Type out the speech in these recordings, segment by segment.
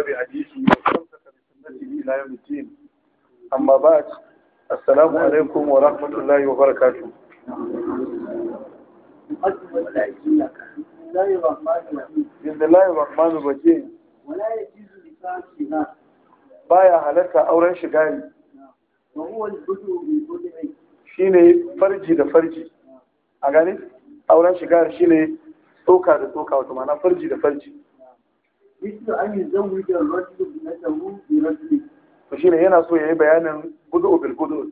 واهتدى بهديه واستمسك بسنته الى يوم الدين بعد السلام عليكم ورحمه الله وبركاته بسم الله الرحمن الرحيم ولا يجوز لسان شغال baya halarta auren shigari shine farji da farji a gani auren shigari shine tsoka da tsoka wato ma'ana farji da farji yi da مثل na يزوج الرجل ابنته برجل فشينه yana so yayi bayanin gudu bil gudu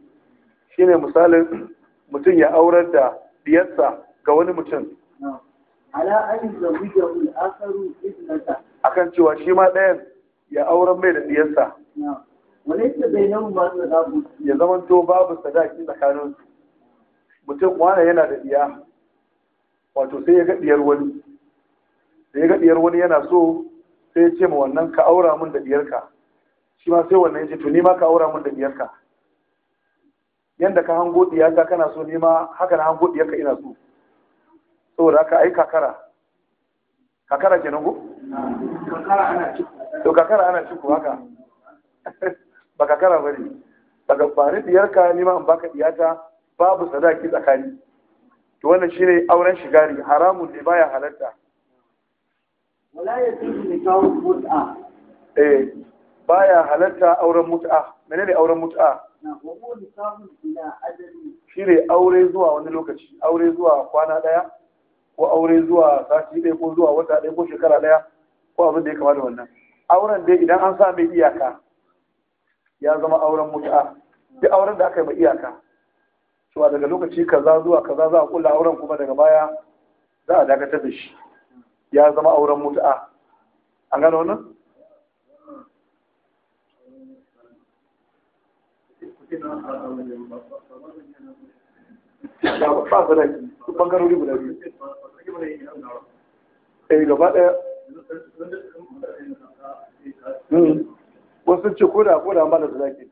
shine misalin mutum ya aurar da diyarsa ga wani mutum ala an zawujahu al-akharu ibnata akan cewa shi ma ɗayan ya auren mai da diyarsa Wani walaysa bainahuma sadaqu ya zamanto babu sadaki tsakanin mutum wani yana da diya wato sai ya ga diyar wani da ya ga diyar wani yana so sai ya ce ma wannan ka aura min da diyarka shi ma sai wannan ya ce to ni ma ka aura min da diyarka yanda ka hango diyarka kana so ni ma haka na hango diyarka ina so saboda haka ai kakara kakara nan ko to kakara ana ciko haka ba kakara ba ne. daga bari diyarka ni ma in baka diyata babu sadaki tsakani to wannan shine auren shigari haramun ne baya halatta wala yasihu eh baya halatta auren mut'a menene auren mut'a shi ne aure zuwa wani lokaci aure zuwa kwana daya ko aure zuwa sati ɗaya ko zuwa wata ɗaya ko shekara ɗaya ko abin da ya kama da wannan auren dai idan an sa mai iyaka ya zama auren mut'a duk auren da aka yi mai iyaka cewa daga lokaci kaza zuwa kaza za a kulla auren kuma daga baya za a dakatar da shi ya zama auren mut'a an gano wannan ba su da su bangarori guda biyu eh gaba daya hmm. wasu ce ko koda koda ba da zaki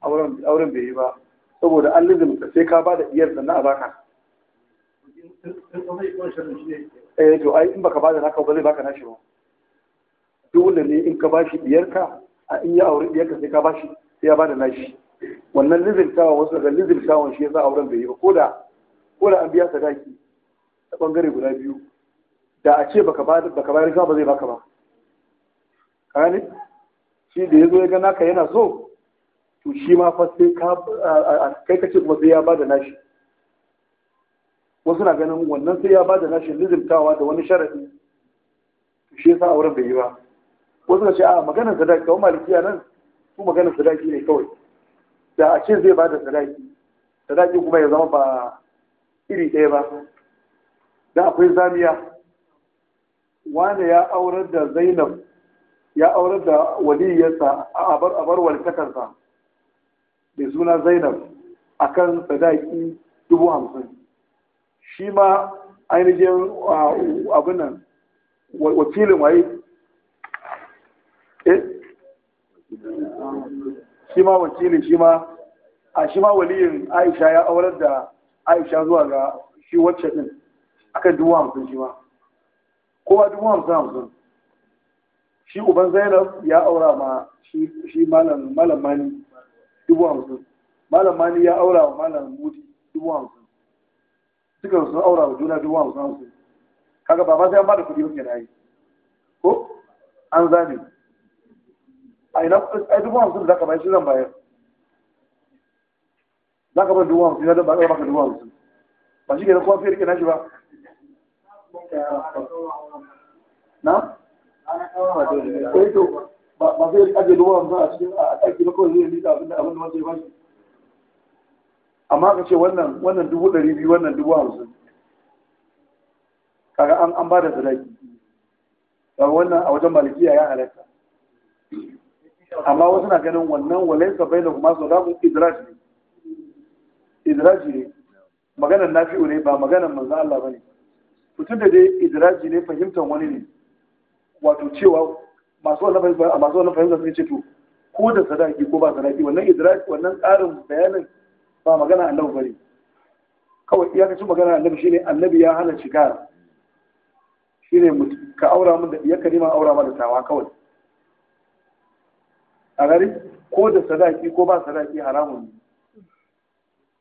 auren bai yi ba saboda an lizimta sai ka ba da iyar da na a baka eh to ai in baka ba da naka ba zai baka nashi ba dole ne in ka bashi ka a in yi aure ka sai ka bashi sai ya bada nashi wannan lizimtawa wasu daga lizimtawan shi ya sa auren bai yi ba ko da ko da an biya sadaki a bangare guda biyu da a ce baka bada baka bayar ba zai baka ba kane shi da yazo ya ga naka yana so to shi ma fa sai ka kai ka ce kuma sai ya bada nashi wasu na ganin wannan sai ya bada nashi lizimtawa da wani sharadi shi yasa auren bai yi ba wasu ka ce a maganar sadaki kawai malikiya nan su maganar sadaki ne kawai da a ce zai bada sadaki sadaki kuma ya zama ba iri ɗaya ba da akwai zamiya wane ya aurar da zainab ya aurar da waliyyarsa a abar walkatarsa mai suna zainab a kan sadaki dubu hamsin shi ma ainihin abin nan wakilin waye shi ma ne shi ma a shi ma waliyin aisha ya aurar da aisha zuwa ga shi wacce din akan dubu hamsin shi ma kowa dubu hamsin hamsin shi uban zainab ya aura ma shi malam mani dubu hamsin malam mani ya aura ma malam mudi dubu hamsin dukan sun aura wa juna dubu hamsin hamsin kaga ba ma sai an ba da kuɗi ba ke na yi ko an zane a ina ai dubu hamsin da ka bayar shi zan bayar za ka bar na ba ka maka hamsin ba shi kenan kuma fiye rike ba na? ba hamsin a cikin a ɗaki na kawai zai rika da da ya amma ka ce wannan wannan dubu ɗari biyu wannan dubu hamsin kaga an an ba da sadaki kaga wannan a wajen malikiya ya halatta amma wasu na ganin wannan walaisa bai da kuma sadaku idraji ne idraji ne maganar nafi'u ne ba maganar manzo Allah bane mutum da dai idraji ne fahimtar wani ne wato cewa masu wannan fahimta masu wannan fahimta sun ce to ko da sadaki ko ba sadaki wannan idraji wannan tsarin bayanin ba magana annabi bane kawai iyakacin magana annabi shine annabi ya hana shiga shine ka aura mun da iyakari ma aura ma da tawa kawai a gari ko da sadaki ko ba sadaki haramun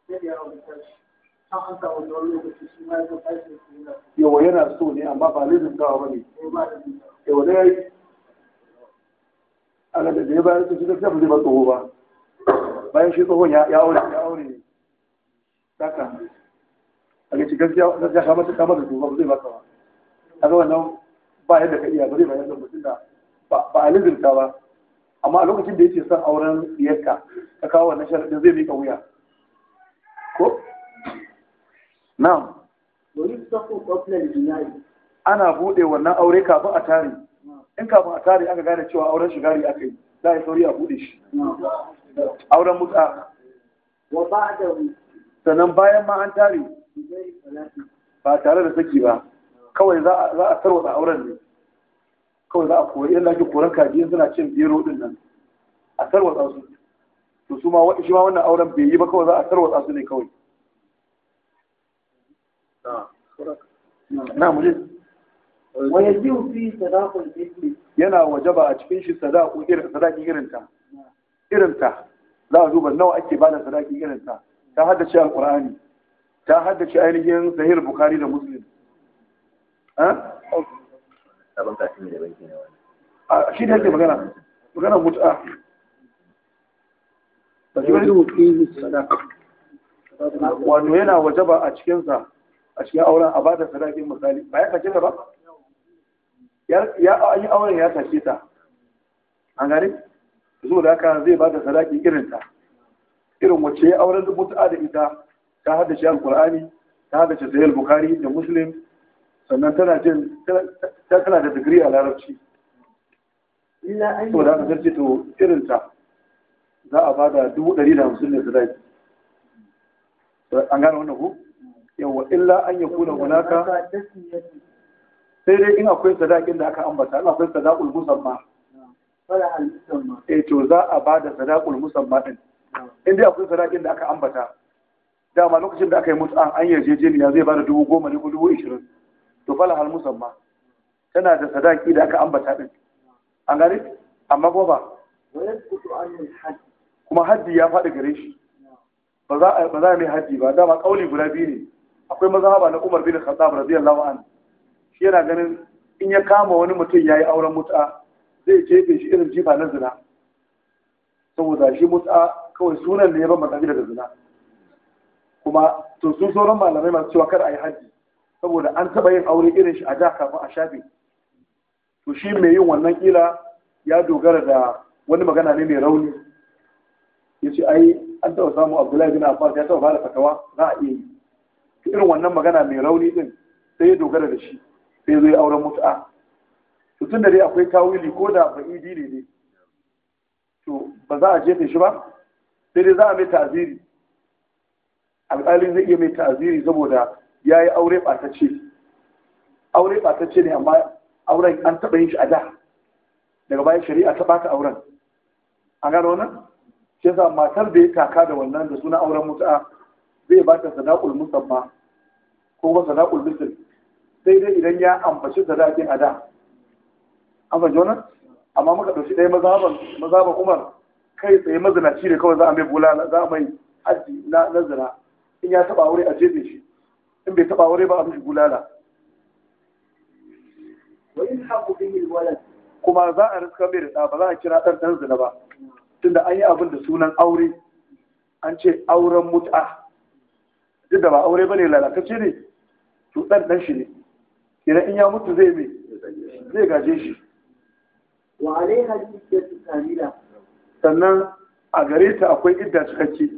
ne yawa yana so ne amma ba lizin kawo ba ne yawa da ya yi a da ya bayar su shi da zai ba tsoho ba bayan shi tsohon ya aure ya aure ne saka a ga cikin gaskiya kama ta kama da tsoho ba zai ba ba a ga wannan ba yadda ka iya ba zai bayar da mutum da ba a lizinta ba amma a lokacin da yake son auren diyarka ka kawo wannan sharadin zai mika wuya ko na'am wani sako kwafnan jinari ana bude wannan aure kafin a tare in kafin a tare aka gane cewa auren shigari aka yi za a yi sauri a bude shi auren mutsa wa ba da sannan bayan ma an tare ba tare da saki ba kawai za a tarwata auren ne kawai za a kori yadda ake koran kaji suna cin biro din nan a tarwatsa su to su ma shi ma wannan auren bai yi ba kawai za a tarwatsa su ne kawai na muje wani jiwu fi sadakun ismi yana wajaba a cikin shi sadaku irin sadaki irinta ta za a duba nawa ake bada sadaki irinta ta haddace alqur'ani ta haddace ainihin sahih bukhari da muslim sabon kati da banki na wani a shi ne yake magana magana mutu'a wato yana waje ba a cikinsa a cikin auren a ba bada sadakin misali ba ya kace ta ba ya an yi auren ya tashe ta an gane zo da haka zai ba bada sadaki irin ta irin wacce ya auren mutu'a da ita ta haddace alqur'ani ta haddace sahih bukhari da muslim sannan tana jin tana da digiri a larabci saboda haka sarki to irinta za a bada dubu ɗari da hamsin ne sadaki an gane wannan ku yawa illa an yi kuna gunaka sai dai in akwai sadakin da aka ambata ana akwai sadakul musamma eh to za a bada sadakul musamma din in dai akwai sadakin da aka ambata dama lokacin da aka yi mutu an yarjejeniya zai bada dubu goma ne ko dubu ishirin to fala hal musamma tana da sadaki da aka ambata din an gani amma ko ba kuma haddi ya faɗi gare shi ba za a mai haddi ba dama kauli guda biyu ne akwai mazhaba na Umar bin Khattab radiyallahu anhu shi yana ganin in ya kama wani mutum yayi auren mut'a zai jefe shi irin jifa na zina saboda shi mut'a kawai sunan ne ya bambanta da zina kuma to su sauran malamai masu cewa kar a yi haji saboda an taɓa yin aure irin shi a da kafin a shafe to shi mai yin wannan kila ya dogara da wani magana ne mai rauni ya ce ai an taɓa samu abdullahi bin abbas ya taɓa bada fatawa za a iya yi irin wannan magana mai rauni din sai ya dogara da shi sai ya zo ya auren mutu'a to tun da dai akwai tawili ko da fa'idi ne ne to ba za a jefe shi ba sai dai za a mai ta'aziri alƙalin zai iya mai ta'aziri saboda ya yi aure ɓatacce aure ɓatacce ne amma auren an taɓa yin shi a da daga bayan shari'a ta ɓata auren an gano wannan shi yasa matar da ya taka da wannan da suna auren mutu'a zai ba ta sadaqul musamma ko ba sadaqul misl sai dai idan ya ambaci sadaqin a da an fahimci wannan amma muka ɗauki ɗaya mazaban umar kai tsaye mazinaci ne kawai za a mai bula za a mai hajji na zina in ya taɓa aure a jefe shi in bai taba aure ba a mishi bulala kuma za a riska mai da ba za a kira ɗan ɗan zina ba tunda an yi abin da sunan aure an ce auren mut'a duk da ba aure ba ne lalatacce ne to ɗan ɗan shi ne idan in ya mutu zai mai zai gaje shi wa alaiha su kamila sannan a gare ta akwai idda cikakke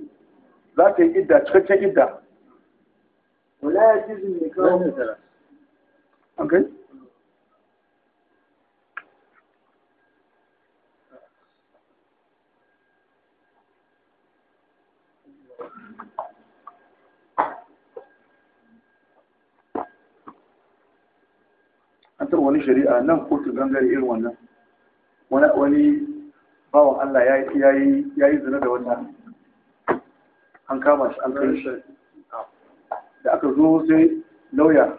za ta yi idda cikakken idda ولا يجوز النكاح okay an taɓa wani shari'a nan kotu gangare irin wannan wani bawan Allah ya yi zina da wannan. an kama shi an kai shi da aka zo sai lauya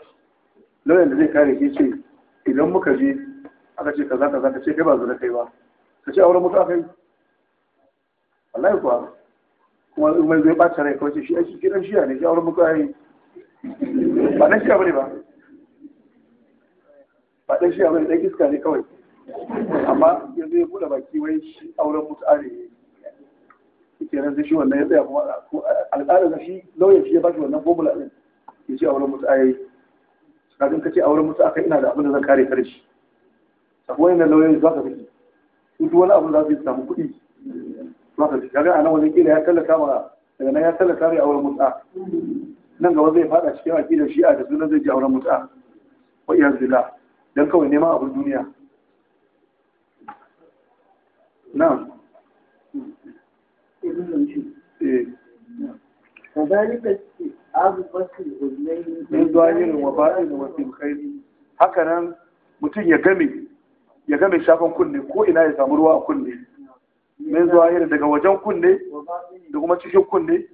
lauyan da zai kare shi ce idan muka je aka ce kaza kaza ka ce kai ba zuna kai ba ka ce auren mutu aka yi wallahi kuwa kuma mai zai ɓata rai kawai shi aiki kiran shiya ne shi auren mutu aka yi ba na shiya bane ba ba dan shiya bane dan iska ne kawai amma yanzu ya buɗe baki wai shi auren mutu ne kenan sai shi wannan ya tsaya kuma al'ada da shi lauyan shi ya bashi wannan formula din ya ce auren mutu ayi kafin ka ce auren mutu akai ina da abin da zan kare kare shi akwai wannan lauyan za ka fiki duk wani abu za su samu kuɗi za ka fiki kaga anan wani kila ya tallata ma daga nan ya tallata mai auren mutu nan gaba zai fada cikin akidar shi'a da sunan zai ji auren mutu wa iyaz billah dan kawai neman abin duniya na'am كذلك abu bakar uznaini min zahirin wa ba'in haka nan mutum ya game ya game shafan kunne ko ina ya samu ruwa a kunne min yin daga wajen kunne da kuma cikin kunne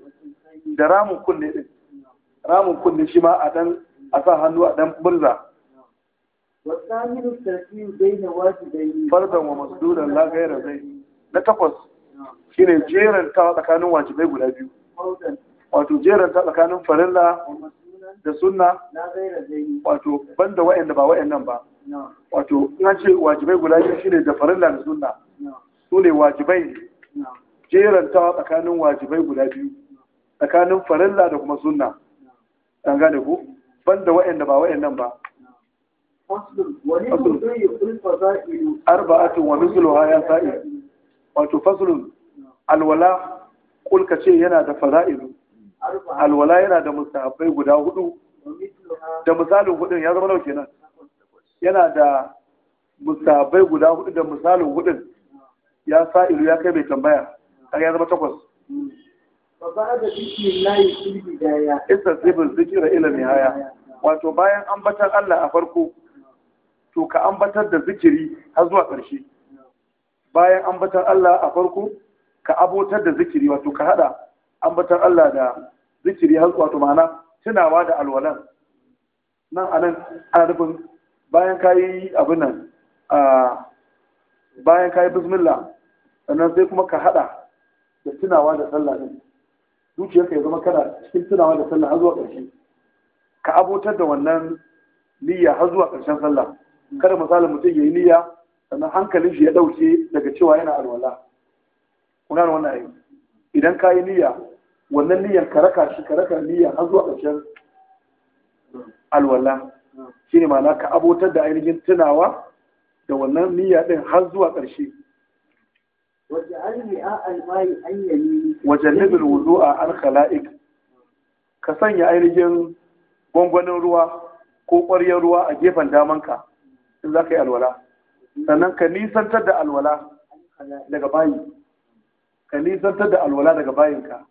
da ramun kunne din ramin kunne shi ma a dan a sa hannu a dan murza Farzan wa masdudan la ghayra zai na takwas ne jerin ta tsakanin wajibai guda biyu wato jerin ta tsakanin farilla da sunna wato banda wa'anda ba wa'annan ba wato ina ce wajibai guda biyu shine da farilla da sunna su ne wajibai jerin ta tsakanin wajibai guda biyu tsakanin farilla da kuma sunna an gane ku banda wa'anda ba wa'annan ba أصل ولمن يقل فضائل أربعة ومثلها يا سائل wato faslun alwala kulka ce yana da fara'ilu alwala yana da mustahabbai guda hudu da misalin hudun ya zama lauke nan, yana da mustahabbai guda hudu da misalin hudun ya sa'ilu ya kai mai tambaya kaga ya zama takwas isa sibin zikira ila haya. wato bayan ambatar Allah a farko to ka ambatar da zikiri har zuwa ƙarshe bayan ambatar Allah a farko ka abotar da zikiri wato ka hada ambatar Allah da zikiri har wato ma'ana tunawa da alwalan nan anan ana nufin bayan kayi abin nan bayan kayi bismillah sannan sai kuma ka hada da tunawa da sallah din zuciyarka ya zama kana cikin tunawa da sallah har zuwa ƙarshe ka abotar da wannan niyya har zuwa ƙarshen sallah kada misalin mutum ya yi niyya sannan hankalin shi ya ɗauke daga cewa yana alwala kuna da wannan ayi idan ka yi niyya wannan niyyar ka raka shi ka raka niyya har zuwa ƙarshen alwala shine ma'ana ka abotar da ainihin tunawa da wannan niyya din har zuwa ƙarshe wajen nufin wuzu a an ka sanya ainihin gwangwanin ruwa ko ƙwaryar ruwa a gefen damanka in za ka yi alwala sannan ka nisantar da alwala daga bayi ka nisantar da alwala daga bayinka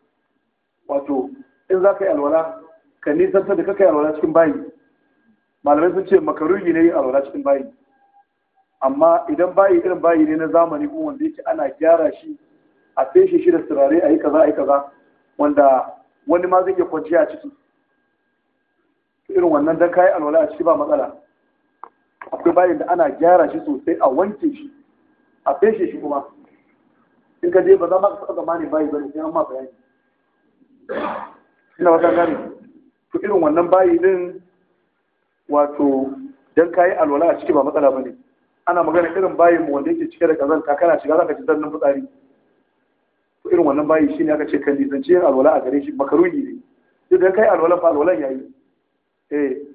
wato in za ka yi alwala ka nisantar da ka yi alwala cikin bayi malamai sun ce makaruhi ne yin alwala cikin bayi amma idan bayi irin bayi ne na zamani kuma wanda yake ana gyara shi a feshe shi da turare a yi kaza a yi kaza wanda wani ma zai iya kwanciya a ciki irin wannan dan kayi alwala a ciki ba matsala akwai bayan da ana gyara shi sosai a wanke shi a feshe shi kuma in ka je ba za ma ka taɓa zamanin bayi ba ne sai an ma bayani ina wata gane to irin wannan bayi din wato dan kayi alwala a ciki ba matsala ba ne ana magana irin bayin mu wanda yake cike da kazanta kana shiga zaka ji dannan fitsari to irin wannan bayi shine aka ce kan lisanci alwala a gare shi makaruni ne idan kai alwala fa alwalan yayi eh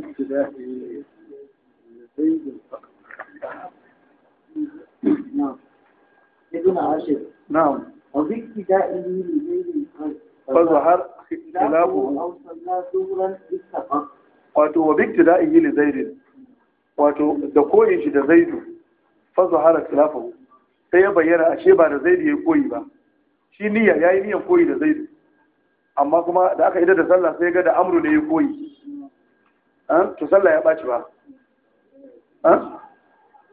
بابتدائه زيد فقط نعم ابن عاشر نعم وبابتدائه لزيد فظهر خلافه أو صلى ظهرا اتفق wato wa biktidaihi li zaid wato da koyin shi da zaidu fa zahara khilafahu sai ya bayyana ashe ba da zaidu yayi koyi ba shi niyya yayi niyyan koyi da zaidu amma kuma da aka ida da sallah sai ga da amru ne ya koyi to sallah ya ɓaci ba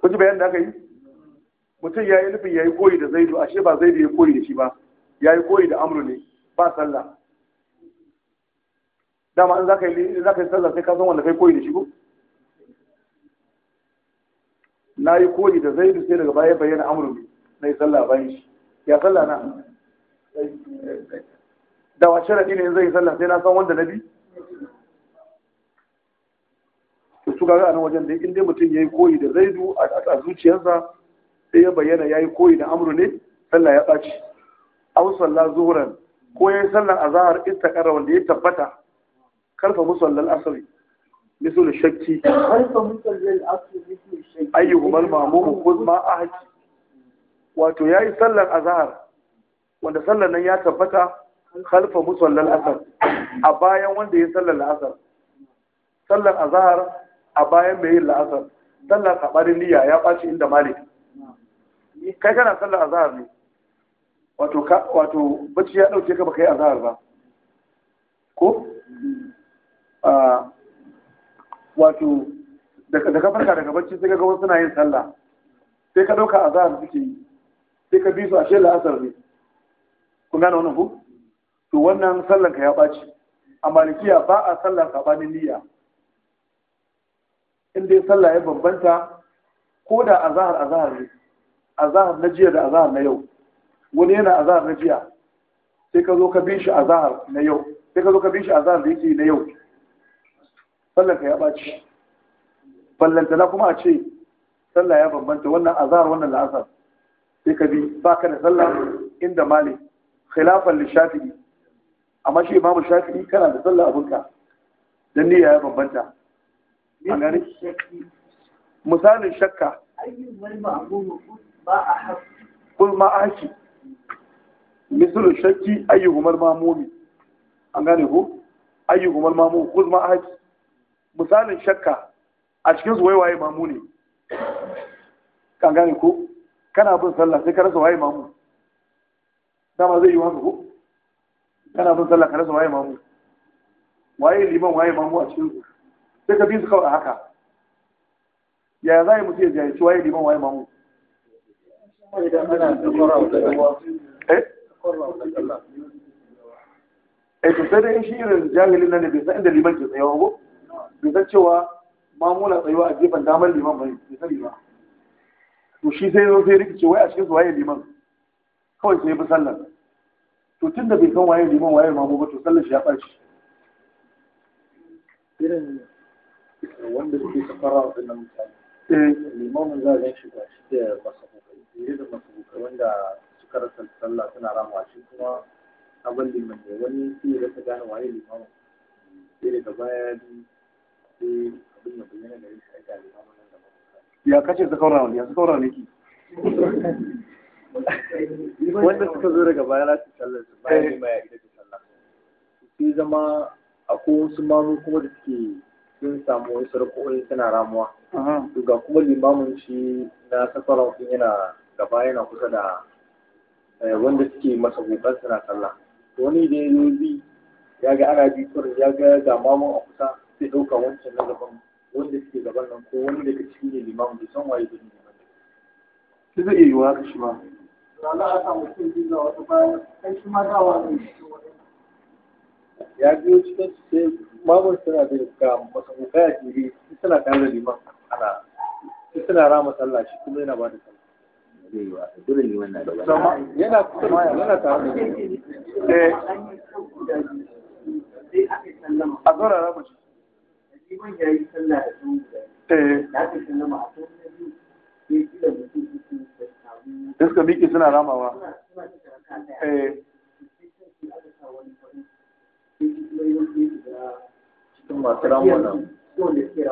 ku ji bayan da aka yi mutum ya yi nufin ya yi koyi da zaidu ashe ba zaidu ya koyi da shi ba ya yi koyi da amru ne ba sallah dama in za ka yi sallah sai ka san wanda kai koyi da shi ko na yi koyi da zaidu sai daga baya bayyana amru ne na yi sallah bayan shi ya sallah na da wa raɗi ne zai yi sallah sai na san wanda na bi su gaga a nan wajen da in dai mutum ya yi koyi da zaidu a zuciyarsa sai ya bayyana ya yi koyi da amru ne sallah ya ɓaci aw sallah zuhuran ko ya yi sallar azahar ƙara wanda ya tabbata karfa musallal asri misul shakki karfa musallal asri misul shakki ayyuhumal ma'mum khudh ma ahki wato ya yi sallar azahar wanda sallar nan ya tabbata khalfa musallal asr a bayan wanda ya sallar asar sallar azahar a bayan mai yin la'asar sallar sabarin niyya ya ɓaci inda malik kai kana sallah zahar ne wato ka wato bacci ya ɗauke ka baka yi zahar ba ko wato da ka farka daga bacci sai ka ga wasu suna yin sallah sai ka ɗauka zahar suke yi sai ka bi su a shela la'asar ne kun gane wannan ku to wannan sallan ka ya ɓaci a malikiya ba a sallar sabanin niyya in dai sallah ya bambanta ko da azahar azahar ne azahar na jiya da azahar na yau wani yana azahar na jiya sai ka zo ka bin shi azahar na yau sai ka zo ka bin shi azahar da yake na yau sallar ka ya ɓaci ballantana kuma a ce sallah ya bambanta wannan zahar wannan la'asar sai ka bi ba ka da sallah inda malik khilafan li shafi'i amma shi imamu shafi'i kana da sallah abinka dan niyya ya bambanta a gani misalin shakka kul ma haki misalin shakki ayyuhumar mamumi an gane ko ayyuhumar mamumi kul ma haki misalin shakka a cikin su waiwaye mamu kan gane ko kana bin sallah sai ka rasa waye mamu dama zai yi haka ko kana bin sallah ka rasa waye mamu waye liman waye mamu a cikin su sai ka bi su kawai a haka yaya za a yi mutu ya jayyaci waye liman waye mamu eh? eh to sai dai shi irin jahilin nan da bai san inda liman ke tsayawa wa? bai san cewa mamuna tsayuwa a gefen damar liman bai sani ba to shi sai zo sai rikice wai a cikin su waye liman kawai sai bi sallar to tun da bai san waye liman waye mamu ba to sallar shi ya ɓaci wanda suke safara wa ɗinnan mutane eh. limamin za a gan shi ga shi da masabukai fiye eh, da masabukai wanda suka rasa sallah suna rama shi kuma abin liman ne wani sai yi rasa gane waye limamin sai daga baya bi sai abin ya bayyana gare shi aika limamin nan da masabukai ya kace sakaura ne ya sakaura ne ki wanda suka zo daga baya za su sallar su bayan eh. ne ma ya ita ta sallah sai zama akwai wasu mamu kuma da suke sun samu wasu rako'o'i suna ramuwa ga kuma limamin shi na safarar kun yana gaba yana kusa da eh, wanda suke masa kokar suna sallah wani da ya bi ya ga ana bi kurin ya ga ga mamun a kusa sai ɗauka wancan na gaban wanda suke gaban nan ko wani daga cikin ne limamin bai san waye gani ne ba sai zai iya yiwuwa haka shi ma. Lala a samu cikin jiza wata bayan kai shi ma dawa zai shi wani ya biyo cikin su sai mamun suna da ga masamuka ya jere su suna tare liman ana su suna rama sallah shi kuma yana ba da sallah yana kuma yana tare da eh, a zora rama shi liman ya yi sallah da sun eh. sallama a sun biyu kila mutum suka miƙe suna ramawa. Eh. cikin masu ramuwa nan da da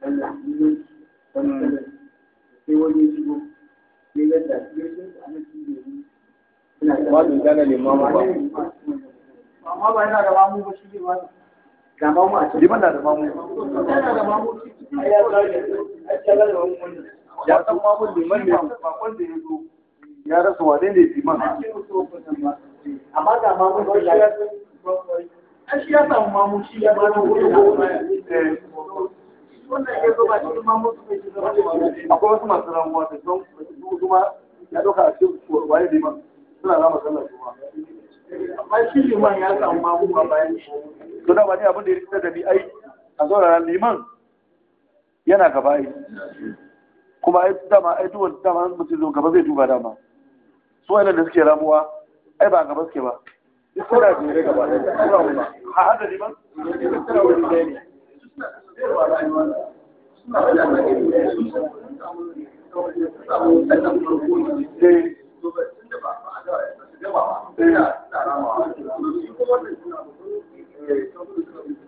a da ba da mamu a cikin da da mamu a cikin da mamu ya san ma mun liman ne bakon da ya zo ya rasa wane ne liman amma ga ma mun da ya san shi ya samu ma mun shi ya ba da wuri wannan ya zo ba shi ma mun akwai wasu masu ramuwa da don kuma ya dauka a cikin waye liman suna rama sallar juma'a amma shi liman ya samu ma mun bayan shi to da wani abin da ya rikita da ni ai a zaurara liman yana gaba ai kuma ai dama ai duwan dama an mutu zo gaba zai duba dama su wani da suke ramuwa ai ba gaba suke ba jere gaba ha ne ba wani ne eh. eh. ne.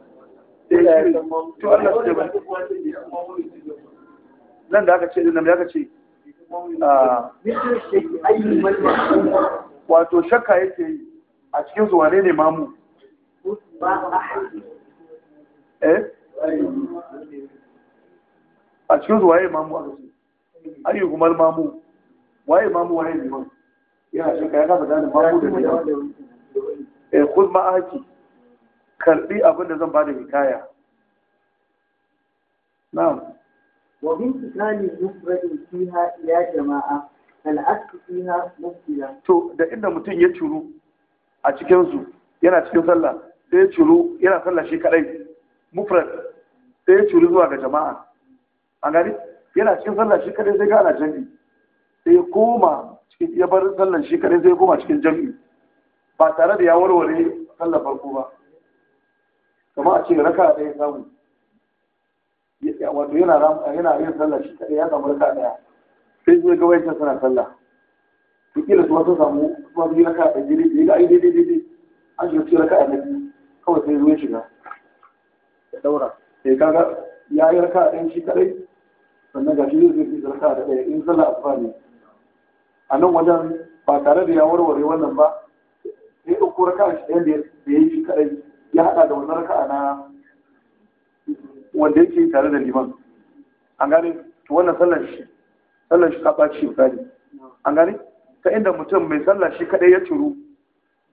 nan da aka ce nan da aka ce ah. wato shakka yake a cikin zuwa ne mamu eh a cikin su waye mamu a cikin ayi kuma mamu waye mamu waye ne liman yana shakka ya kafa gane mamu da liman eh kuzma aki karbi abin da zan bada hikaya na'am wa bin mufradin fiha ya jama'a al'asku asku fiha mufsila to da inda mutum ya curu a cikin su yana cikin sallah sai ya curu yana sallah shi kadai mufrad sai ya curu zuwa ga jama'a a gani yana cikin sallah shi kadai sai ga ana jami'i sai ya koma cikin ya bar sallan shi kadai sai ya koma cikin jami'i ba tare da ya warware sallar farko ba kuma a ce raka ya samu wato yana yana yin sallah shi kaɗai ya samu raka ɗaya sai zai ga wayancan suna sallah to kila su wasu samu wasu yi raka ɗaya ya ga aiki daidai daidai an shiga cikin raka ɗaya kawai sai zuwa shiga ya daura, sai eh, kaga ya yi raka ɗaya shi kaɗai sannan ga shi zai fi raka da ɗaya in sallah asuba ne a nan wajen ba tare da ya warware wannan ba sai ɗauko raka shi ɗaya da ya yi shi kaɗai ya haɗa da wannan raka'a na wanda yake tare da liman an gane to wannan sallar shi sallar shi ta ɓaci misali an gane ta inda mutum mai sallar shi kaɗai ya turu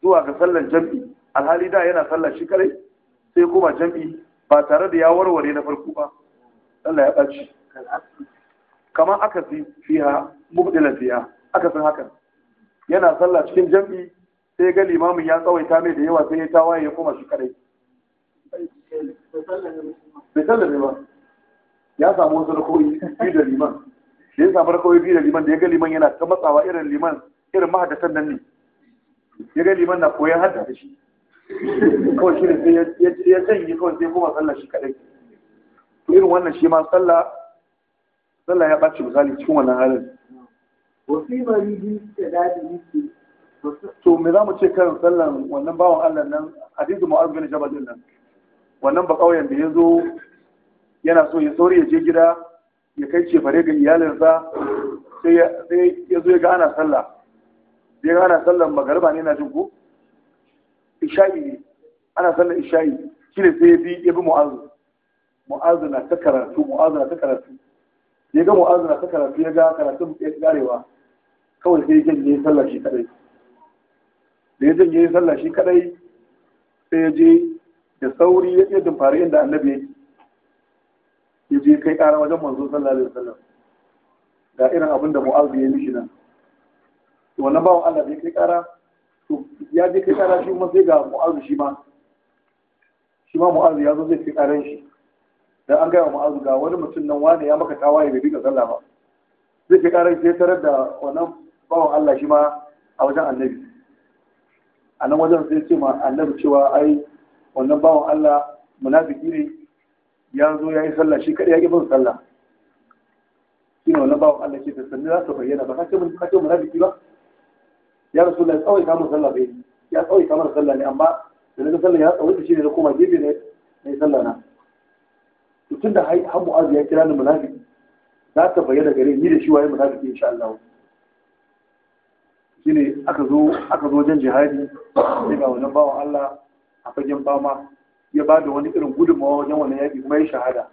zuwa ga sallar jam'i alhali da yana sallar shi kadai sai kuma jam'i ba tare da ya warware na farko ba sallar ya ɓaci kamar aka fi fiha mubdilan fiha aka san haka. yana sallah cikin jam'i sai ga limamin ya tsawaita mai da yawa sai ya tawaye ya koma shi kadai bai sallame ba ya samu wasu rakoyi biyu da liman da ya samu rakoyi biyu da liman da ya ga liman yana ta matsawa irin liman irin mahadatan nan ne ya ga liman na koyan hadda da shi kawai shi ne sai ya canji kawai sai kuma sallah shi kadai to irin wannan shi ma sallah sallah ya ɓaci misali cikin wannan halin wasu yi bari biyu da dadi yake to me za mu ce kan sallan wannan bawan Allah nan hadisu mu'az bin jabal din nan wannan ba kauyen da yazo yana so ya sauri ya je gida ya kai ce cefare ga iyalinsa sai ya zo ya ga ana sallah sai ga ana sallan magarba ne na jin ku, isha'i ne ana sallan isha'i shine sai ya bi ya bi mu'azu mu'azu na ta karatu mu'azu na ta karatu ya ga mu'azu na ta karatu ya ga karatun ya karewa kawai sai ya janye sallah shi kadai da ya yi sallah shi kadai sai ya je da sauri ya iya dumfari inda annabi ya je kai ƙara wajen manzo sallallahu alaihi wasallam ga irin abin da mu'az ya yi mishi nan To wannan bawan Allah bai kai ƙara to ya je kai ƙara shi kuma sai ga mu'az shi ma shi ma mu'az ya zo zai kai ƙaran shi dan an gaya wa mu'az ga wani mutum nan wani ya maka tawaye bai bika sallah ba zai kai ƙaran sai tarar da wannan bawan Allah shi ma a wajen annabi a nan wajen sai ce ma annabi cewa ai wannan bawan Allah munafiki ne ya zo ya yi sallah shi kaɗai ya ƙi bin sallah shi ne wannan bawan Allah ke da sannu za su bayyana ba ka ce mun kace munafiki ba ya rasu da tsawai kamar sallah bai ya tsawai kamar sallah ne amma da na sallah ya tsawai shi ne da koma gefe ne na yi sallah na tun da har mu'azi ya kira ni munafiki za ta bayyana gare ni da shi waye munafiki insha Allah shine aka zo aka zo wajen jihadi sai ga wajen bawan Allah a fagen bama ya ba da wani irin gudunmawa wajen wani yaƙi mai shahada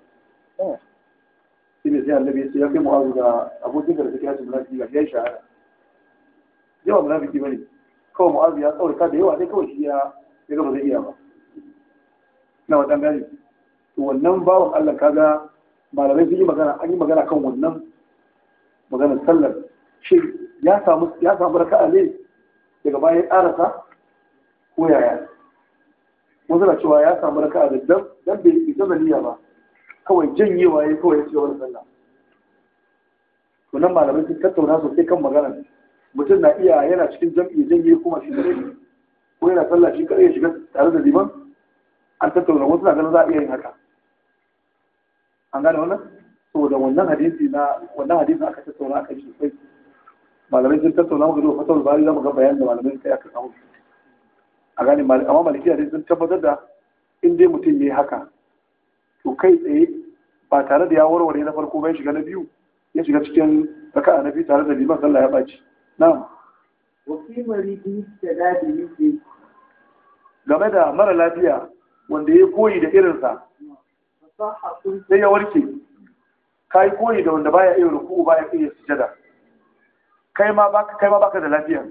shine sai annabi ya ce ya kai mu'azu da abokin gargaɗi ya ce munafiki ga ya shahada yawa munafiki bane kawai mu'azu ya tsaurika da yawa ne kawai shi ya gama zai iya ba na wadan gani to wannan bawan Allah kaga malamai sun yi magana an yi magana kan wannan maganar sallar shi ya samu raka a ne daga baya ya karasa ko yaya wasu na cewa ya samu raka da daddam don bai yi zama niyya ba kawai janyewa waye kawai ya ce wani sallah Wannan malamai sun tattauna sosai kan magana mutum na iya yana cikin jam'i janye kuma shi kadai ko yana sallah shi kare ya shiga tare da liman an tattauna wasu na ganin za a iya yin haka an gane wannan saboda wannan hadisi na wannan hadisi aka tattauna aka shi sosai malamai sun tattauna muka zuwa fatawar bari zama ga bayanin da malamai sai yi aka samu a gane amma malikiya a sun tabbatar da in dai mutum ya yi haka to kai tsaye ba tare da ya warware na farko ba ya shiga na biyu ya shiga cikin a na biyu tare da liman sallah ya ɓaci na'am mu dadi game da mara lafiya wanda ya koyi da irinsa sai ya warke ka yi koyi da wanda baya iya ruku baya iya sujada kai ma baka da lafiya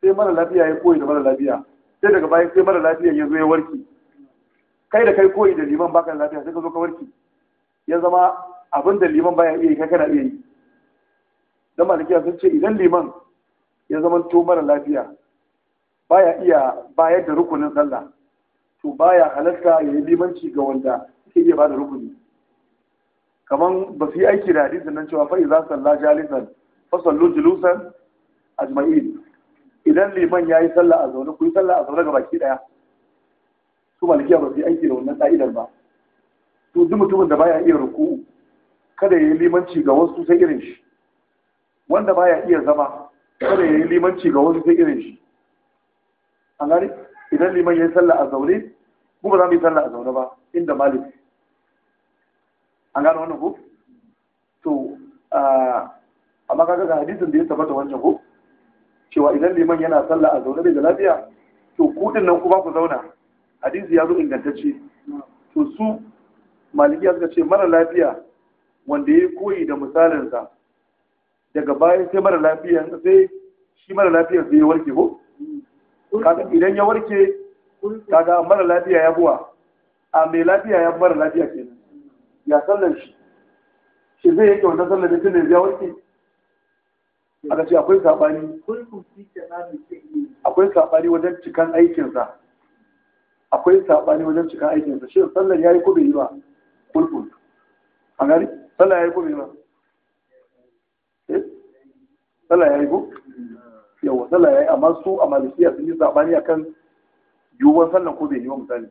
sai mara lafiya ya koyi da mara lafiya sai daga bayan sai mara lafiya ya zo ya warki kai da kai koyi da liman baka da lafiya sai ka zo ka warki ya zama abin da liman baya iya yi kai kana iya yi dan malikiya sun ce idan liman ya zama to mara lafiya baya iya bayar da rukunin sallah to baya halarta ya yi limanci ga wanda yake iya bada rukuni kaman ba su yi aiki da hadisin nan cewa fa'iza sallah jalisan fasallu julusan ajma'in idan liman ya yi sallah a zaune ku yi sallah a zaune ga baki daya su malikiya ba su yi aiki da wannan ka'idar ba to duk mutumin da baya iya ruku kada ya yi limanci ga wasu sai irin shi wanda baya iya zama kada ya yi limanci ga wasu sai irin shi an gani idan liman ya yi sallah a zaune mu ba za mu yi sallah a zaune ba inda malik an gano wannan ku to ah, amma kaga ga hadisin da ya tabbata wancan ko cewa idan liman yana sallah a zaune bai da lafiya to kudin nan ku ba ku zauna hadisi ya zo ingantacce to su Maliki, suka ce mara lafiya wanda ya koyi da misalinsa daga baya sai mara lafiya sai shi mara lafiya sai ya warke ko idan ya warke kaga mara lafiya ya buwa a mai lafiya ya mara lafiya kenan ya sallar shi shi zai yake wannan sallar da tunan ya warke aka ce akwai sabani akwai sabani wajen cikan aikinsa akwai sabani wajen cikan aikinsa shi sallar ya yi ko bai yi ba kulkul a gari sallar ya yi ko bai yi ba eh? sallar ya yi ko yawa sallar ya yi amma su a malikiya sun yi sabani a kan yiwuwar sallar ko bai yi ba misali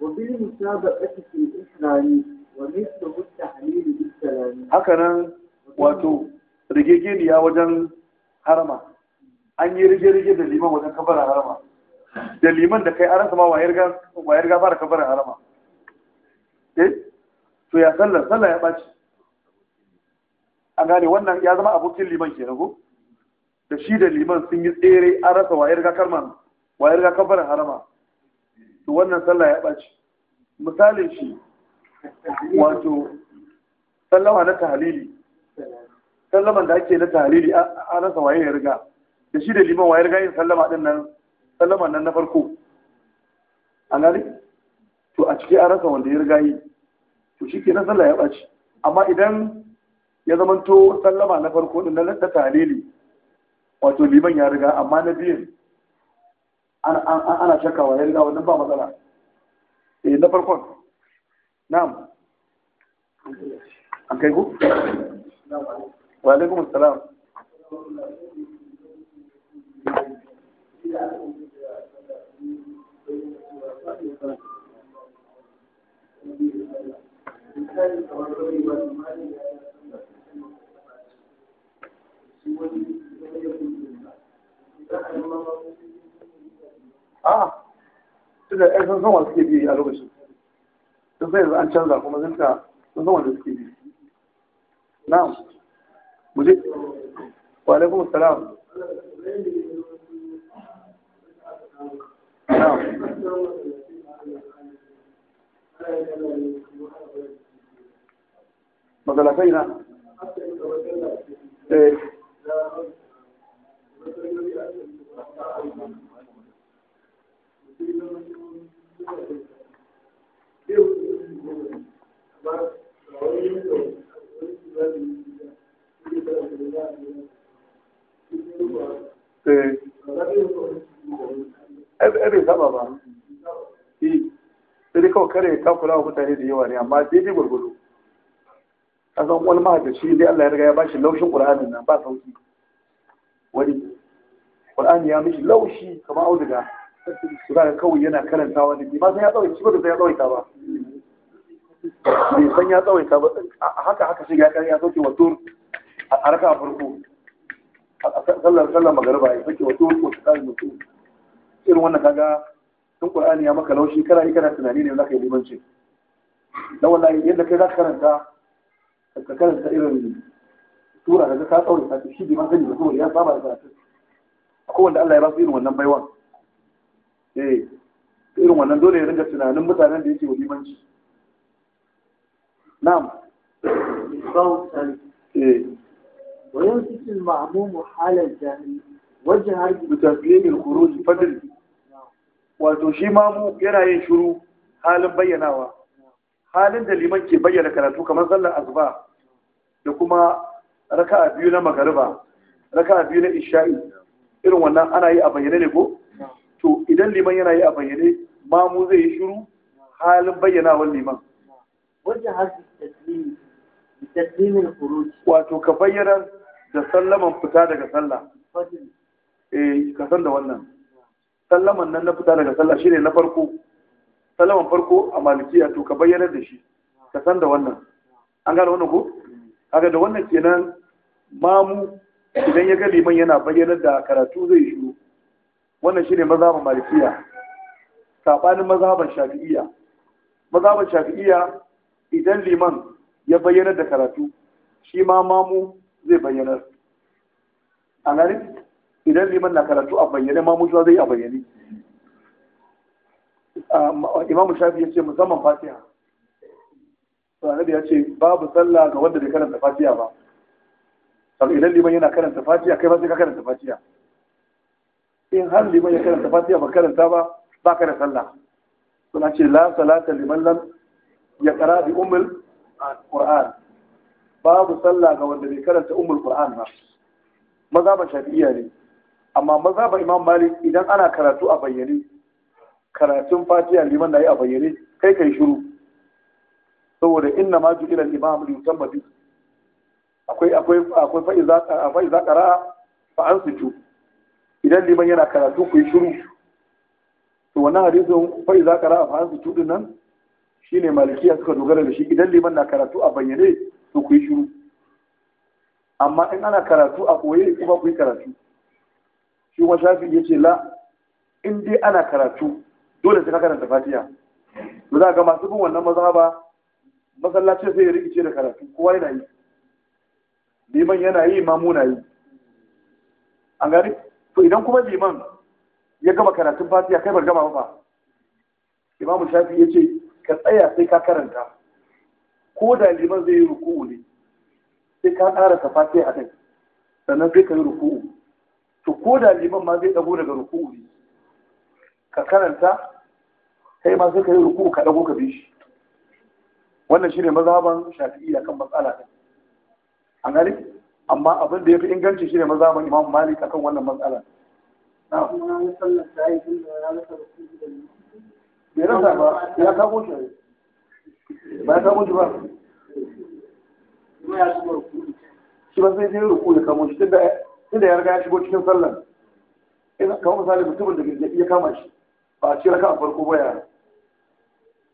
وبالمسابقة في الإحرام ومثله التحليل بالسلام هكذا wato rigegeniya wajen harama an yi rige-rige da liman wajen kabarin harama da liman da kai an rasa ma wayar gafara kabarin harama eh to ya sallar sallar ya ɓaci an gane wannan ya zama abokin liman ke rago da shi da liman sun yi tsere an rasa wayar karman wayar gakabarin harama to wannan sallar ya ɓaci misalin shi wato sallama na tahalili sallaman da ake na tariri a rasa waye ya riga da shi da liman waye riga yin sallama din nan sallaman nan na farko an gane to a ciki a rasa wanda ya riga yi to shi ke na sallah ya ɓaci amma idan ya zamanto sallama na farko din nan na tariri wato liman ya riga amma na biyun ana shakawa ya riga wannan ba matsala eh na farkon na'am an kai ku wa alaikum assalam a'a suka ɗaya sun san wanda suke biyu a lokacin sun zai yanzu an canza kuma sun ka sun san wanda biyu na'am muje wa alaikum salam magalafai eh. Thank you. Eh, ai bai saba ba sai dai kawai kare takura wa mutane da yawa ne amma daidai gwargwado A kasan wani shi dai Allah ya riga ya bashi laushin ƙur'anin nan ba sauki wani ƙur'ani ya mishi laushi kamar auduga su za ka kawai yana karanta wani ne ba san ya tsawaita ba san ya tsawaita ba bai san ya tsawaita ba haka haka shiga ya sauke wa tur a raka farko sallar sallar magariba ya sake wato wato tsari mutum irin wannan kaga tun qur'ani ya maka laushi kana yi kana tunani ne zaka yi limanci dan wallahi yadda kai zaka karanta ka karanta irin tura da ka tsauri ta shi bi ma sani ba saboda ya saba da karatu akwai wanda Allah ya ba su irin wannan baiwan eh irin wannan dole ya ringa tunanin mutanen da yake wa limanci na'am sautan eh ويمسك المعموم حال الجاهل وجه بتسليم الخروج فضل wato shi mamu yana yin shiru halin bayyanawa halin da liman ke bayyana karatu kamar sallar asuba da kuma raka'a biyu na magariba raka'a biyu na isha'i irin wannan ana yi a bayyane ne ko to idan liman yana yi a bayyane mamu zai yi shiru halin bayyanawar liman wajen hasu taslimi taslimin furuci ka bayyanar da sallaman fita daga sallah eh ka san da wannan sallaman nan na fita daga sallah shine na farko sallaman farko a malikiya to ka bayyana da shi ka san da wannan an gane wannan ko kaga da wannan kenan mamu idan ya ga liman yana bayyana da karatu zai shiru wannan shine mazhabin malikiya sabanin mazhabin shafi'iyya mazhabin shafi'iyya idan liman ya bayyana da karatu shi ma mamu zai bayyana a gani idan liman na karatu a bayyane ma mutuwa zai a bayyane imamu shafi ya ce musamman fatiha to annabi ya ce babu sallah ga wanda bai karanta fatiha ba sau idan liman yana karanta fatiha kai ba sai ka karanta fatiha in har liman ya karanta fatiha ba karanta ba ba ka da sallah suna ce la salata liman lam ya kara bi ummul qur'an babu sallah ga wanda bai karanta umul qur'an ba ba shafi'iyya ne amma maza ba imam malik idan ana karatu a bayyane karatun fatiha liman da yi a bayyane kai kai shiru saboda inna ma ju'ila ila imam li yutamma bi akwai akwai akwai fa iza fa iza qara'a fa ansitu idan liman yana karatu ku yi shiru to wannan hadisin fa iza qara'a fa ansitu din nan shine malikiya suka dogara da shi idan liman na karatu a bayyane to ku yi shiru amma in ana karatu a koye kuma ku yi karatu shi kuma shafi ya ce la in dai ana karatu dole sai ka karanta fatiha to za ga masu bin wannan mazhaba masallacin sai ya rikice da karatu kowa yana yi liman yana yi mamu na yi an gani to idan kuma liman ya gama karatun fatiha kai bar gama ba imamu shafi ya ce ka tsaya sai ka karanta ko da liman zai yi ruku'u ne sai ka ƙara ka fatiha a kai sannan sai ka yi ruku'u to ko da liman ma zai ɗago daga ruku'u ne ka karanta kai ma sai ka yi ruku'u ka ɗago ka bi shi wannan shine mazhaban shafi'iyya kan matsala ɗin an gani amma abin da ya fi inganci shine mazaban imam malik akan wannan matsala ya rasa ba ya kago shi ba ka mutu ba shi ba sai zai ruku ya kamo shi tun da ya riga ya shigo cikin sallan ina eh, kawo misali mutumin da ya iya kama shi ba a ce raka a farko ba ya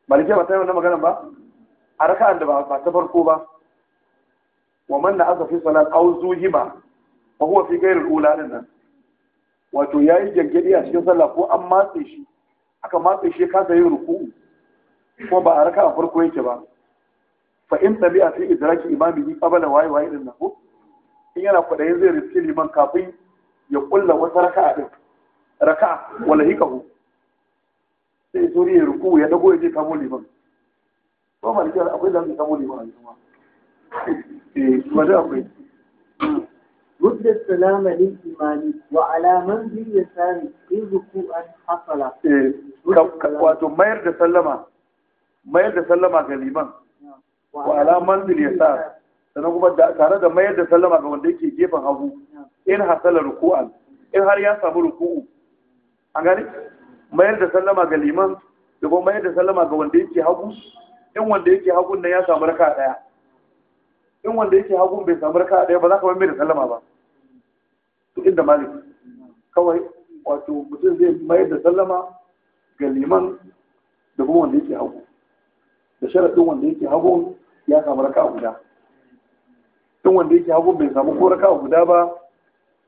malike ba ta yi wannan magana ba a raka da ba ta farko ba wa man na aka fi salat aw zuhima fa huwa fi ghairi al-ula nan wato yayi gangadi a cikin sallah ko an matse shi aka matse shi ka da yin ruku'u ko ba a raka a farko yake ba fa in a fi idraki ni kabala waye-waye din nan ko in yana kwadayin zai riske liman kafin ya kulla wata raka a din raka wala hu sai zuri ya ruku ya dago ya je kamo liman ko malikin akwai da kamo liman a yi ma eh kuma eh, da akwai رد السلام للإمام وعلى من باليسار إن ركوعا حصل. إيه. كم كم واتو ما يرد سلمه mayar da sallama ga liman wa ala ya yasar sannan kuma tare da mayar da sallama ga wanda yake gefen hagu in hasala ruku'an in har ya samu ruku'u an gani mayar da sallama ga liman da kuma mayar da sallama ga wanda yake hagu in wanda yake hagu nan ya samu raka daya in wanda yake hagu bai samu raka daya ba za ka mayar da sallama ba to inda malik kawai wato mutum zai mayar da sallama ga liman da kuma wanda yake hagu da sharaɗin wanda yake hagu ya samu raka guda Ɗin wanda yake hagu bai samu ko raka guda ba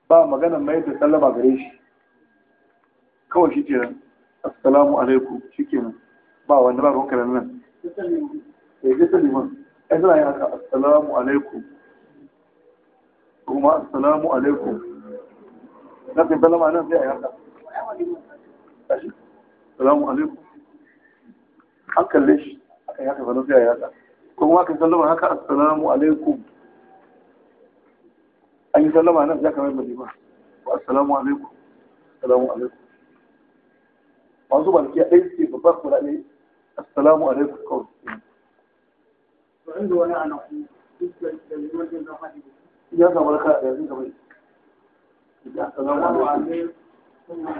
ba magana mai da sallama gare shi kawai shi ke nan assalamu alaikum shi ke nan ba wanda ba ruwan kanan nan ya eh, ji saliman ai suna yin haka assalamu alaikum kuma assalamu alaikum na fi sallama nan sai a yi haka assalamu alaikum an kalle shi akan yaka sanar sai a yaka ko kuma akan sallama haka assalamu alaikum an yi sallama nan ya kamar mai ba assalamu alaikum assalamu alaikum masu ba a ɗaya suke babbar kula ne assalamu alaikum kawai inda wani ana ya samu raka a yanzu kamar assalamu suna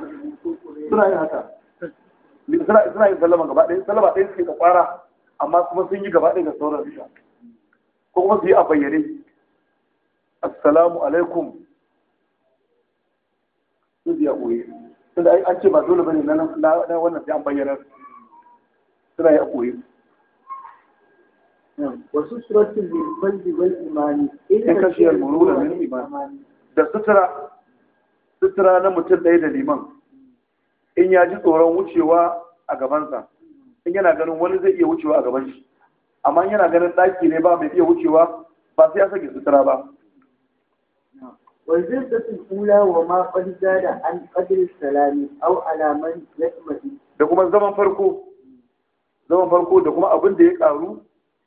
yin haka suna yin sallama gaba ɗaya sallama ɗaya suke ka fara amma kuma sun yi gaba ɗaya ga sauran rika ko kuma su yi a bayyane assalamu alaikum su yi a ɓoye tunda an ce ba dole bane na wannan sai an bayyana suna yi a ɓoye wasu suratun da balbi ban imani in kashiyar da min imani da sutura sutura na mutum ɗaya da liman in ya ji tsoron wucewa a gabansa in yana ganin wani zai iya wucewa a gaban shi amma yana ganin daki ne ba mai iya wucewa ba sai ya sake sutura ba wanzu da والزبدة الأولى وما قد زاد عن قدر السلام أو على من يتمدي da kuma zaman farko zaman farko da kuma abin da ya karu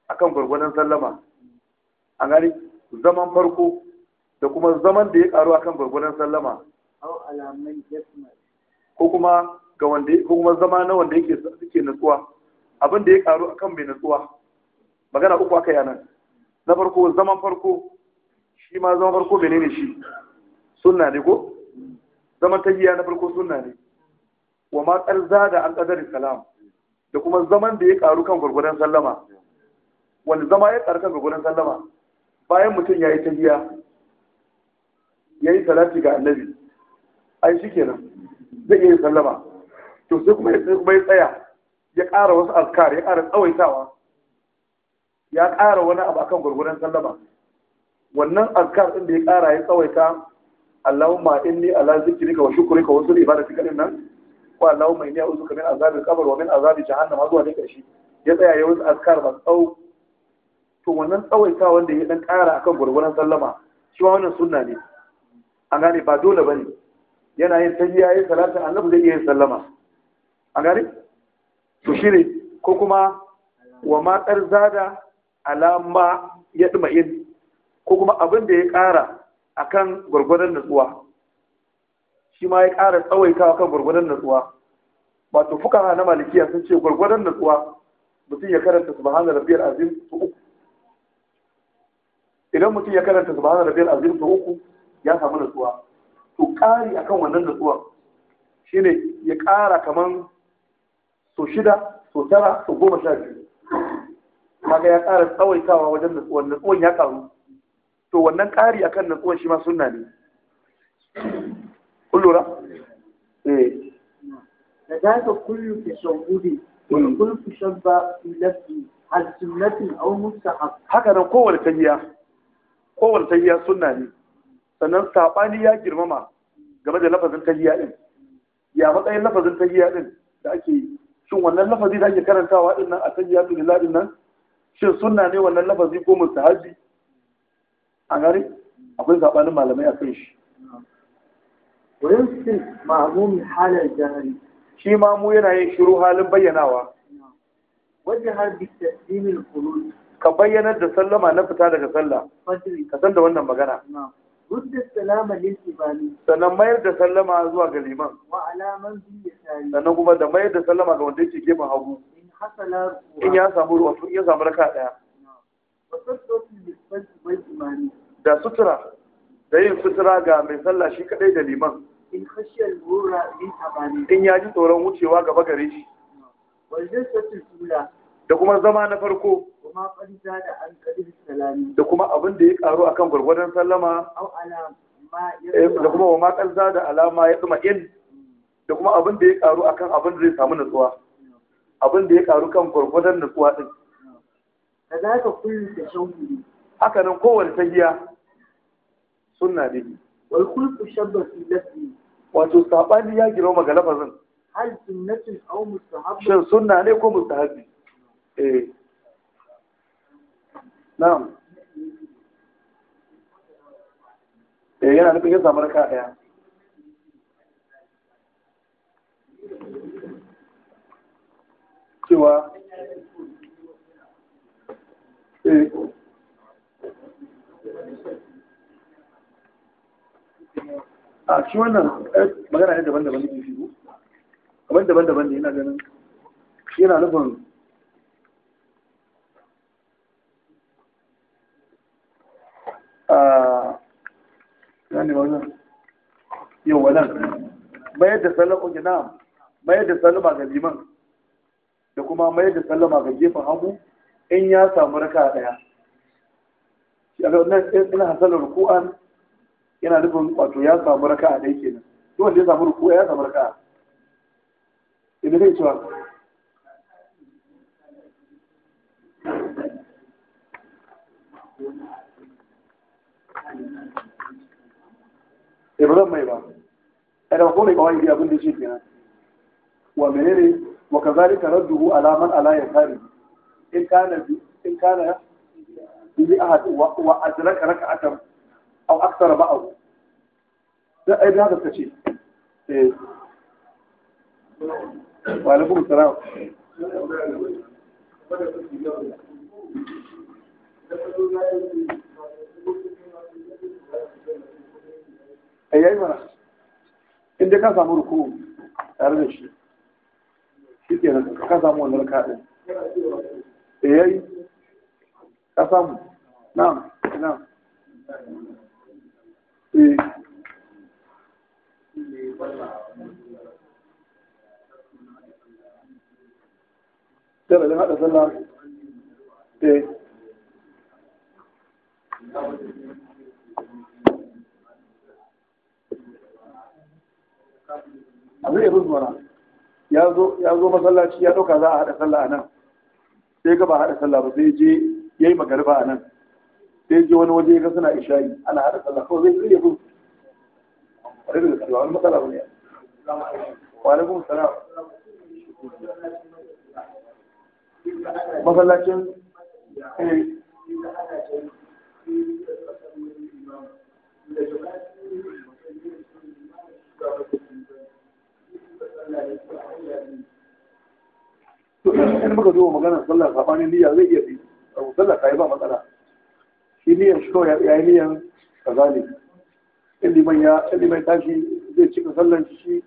akan gwargwadon sallama a gani zaman farko da kuma zaman da ya karu akan gwargwadon sallama au alaman ya ko kuma ga wanda ko kuma zama na wanda yake suke nutsuwa abin da ya karu akan mai nutsuwa magana uku aka yana na farko zaman farko shi ma zaman farko menene shi sunna ne ko zaman tahiya na farko sunna ne wa ma qarza da an qadari salam da kuma zaman da ya karu kan gurgurdan sallama wanda zama ya karu kan gurgurdan sallama bayan mutum yayi tahiya yayi salati ga annabi ai shikenan zai iya sallama to sai kuma sai kuma ya tsaya ya ƙara wasu azkar ya ƙara tsawaitawa ya ƙara wani abu akan gurguran sallama wannan azkar ɗin da ya ƙara ya tsawaita Allahumma inni ala zikrika wa shukrika wa husni ibadatika din nan wa Allahumma inni a'udhuka min azabil qabr wa min azabi jahannam zuwa da ƙarshe ya tsaya ya wasu azkar ba tsau to wannan tsawaita wanda ya dan ƙara akan gurguran sallama shi ma wannan sunna ne an gane ba dole bane yana yin tahiyya ya salatin annabi zai iya yin sallama a gari to shi ne ko kuma wa matsar zada alama ya ɗuma in ko kuma abin da ya ƙara a kan gwargwadon natsuwa shi ma ya ƙara tsawaitawa kan gwargwadon natsuwa wato fuka na malikiya sun ce gwargwadon natsuwa mutum ya karanta subhana rabbiyal azim su uku idan mutum ya karanta subhana rabbiyal azim su uku ya samu natsuwa to ƙari akan wannan natsuwa shine ya ƙara kaman so shida so tara so goma sha biyu kaga ya ƙara tsawaitawa wajen natsuwan natsuwan ya ƙaru to wannan ƙari akan natsuwan shi ma sunna ne kun lura eh da daga kullu fi shawudi hmm. kullu fi shabba fi lafi al sunnatin mustahab haka nan kowace tahiya kowace tahiya sunna ne sannan saɓani ya girmama game da lafazin tahiya din ya matsayin lafazin tahiya din da ake yi shin wannan lafazi da ake karantawa din nan at-tahiyatu lillah din nan shin sunna ne wannan lafazi ko mustahabi a gare akwai sabanin malamai a kan shi wa yansil ma'mum halal jahri shi ma mu yana yin shiru halin bayyanawa har bi taslimil qulub ka bayyanar da sallama na fita daga sallah ka san da wannan magana Rudda salama lil imami. Sannan mayar da sallama zuwa ga liman. Wa alaman Sannan kuma da mayar da sallama ga wanda yake gefen hagu. In ya samu ruwa, in ya samu raka daya. Da sutura. Da yin sutura ga mai sallah shi kadai da liman. In In ya ji tsoron wucewa gaba gare shi. Da kuma zama na farko. da kuma abin da ya karu akan gwargwadon sallama eh, da kuma wa makar da alama ya tsuma in da kuma abin da ya karu akan abin da zai samu nutsuwa abin da ya karu kan gwargwadon nutsuwa din da za ka kullum da shauki haka nan kowane tahiya sunna ne wal kulku shabba fi lafi wato sabani ya giro ga lafazin hal sunnatin aw mustahab shin sunna ne ko mustahabi eh na'am eh yana nufin ya samar ka ɗaya? cewa eh a shi wannan eh, magana ne daban-daban ne daban-daban ne yana ganin yana nufin ne wannan mayar da sallama ga na'am mayar da sallama ga liman da kuma mayar da sallama ga gefen hagu in ya samu raka daya shi aka wannan ina hasalar ruku'an yana nufin wato ya samu raka a dai kenan duk wanda ya samu ruku'a ya samu raka idan zai cewa ibrahim eh, mai ba a ɗauko mai kawai iri abin da shi kenan wa menene wa ka zalika radduhu alaman ala ya kare in kana in kana bi ahad wa adraka rak'atan aw akthar ba'u da ai da haka kace eh wa alaikum salam Thank you. a eh, yayi mana inda ka samu ruku tare da shi shi ke ka samu wannan kaɗin a eh, yayi ka samu na'am na'am eh Dala da haɗa sallah eh abin ya rusu mana ya zo masallaci ya ɗauka za a haɗa sallah a nan sai ga ba haɗa sallah ba sai je ya yi magariba a nan sai je wani waje ga suna isha'i ana haɗa sallah kawai zai zai rusu wani da kasuwa wani matsala ba ne wa salam masallacin Thank eh. you. to in muka zo magana sallar sabanin niyya zai iya bi abu sallah kai ba matsala shi niyyar shi ya yi niyyar kaza ne in liman ya in liman tashi zai cika sallan shi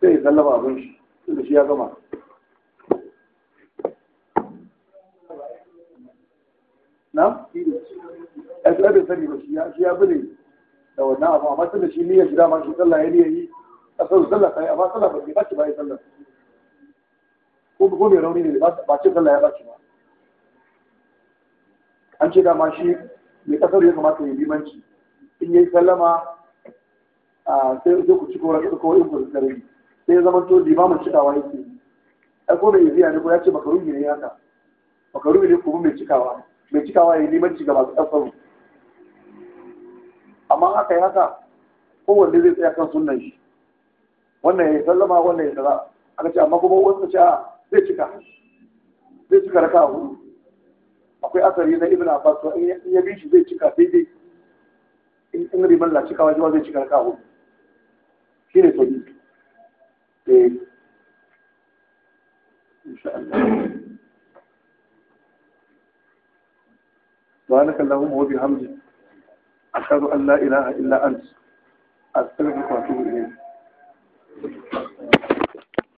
sai ya sallama abin shi tunda shi ya gama na? Ya tsaye da sani ba shi ya bude da wannan abu amma tunda shi niyyar shi dama shi sallah ya niyya yi a zalla ta yi amma sallah ba ba ci ba ya zalla ko ko mai rauni ne ba ce zalla ya ba ci ba an ce dama shi mai kasar ya kamata ya limanci in yi sallama a sai ku ci kowar ko in ku sai ya zama to limamin cikawa yake ai ko da ya biya ne ko ya ce makaruni ne haka makaruni ne kuma mai cikawa mai cikawa ya limanci ga masu kasar amma haka yi haka kowanne zai tsaya kan sunan shi wannan ya sallama wannan ya a aka ce amma kuma wasu cewa zai cika zai cika raka hudu akwai asari na ibn abbas to in ya bishi zai cika daidai in in riman la cikawa wajen zai cika raka hudu shine sabi eh insha Allah سبحانك اللهم وبحمدك أشهد أن لا إله إلا أنت أستغفرك وأتوب إليك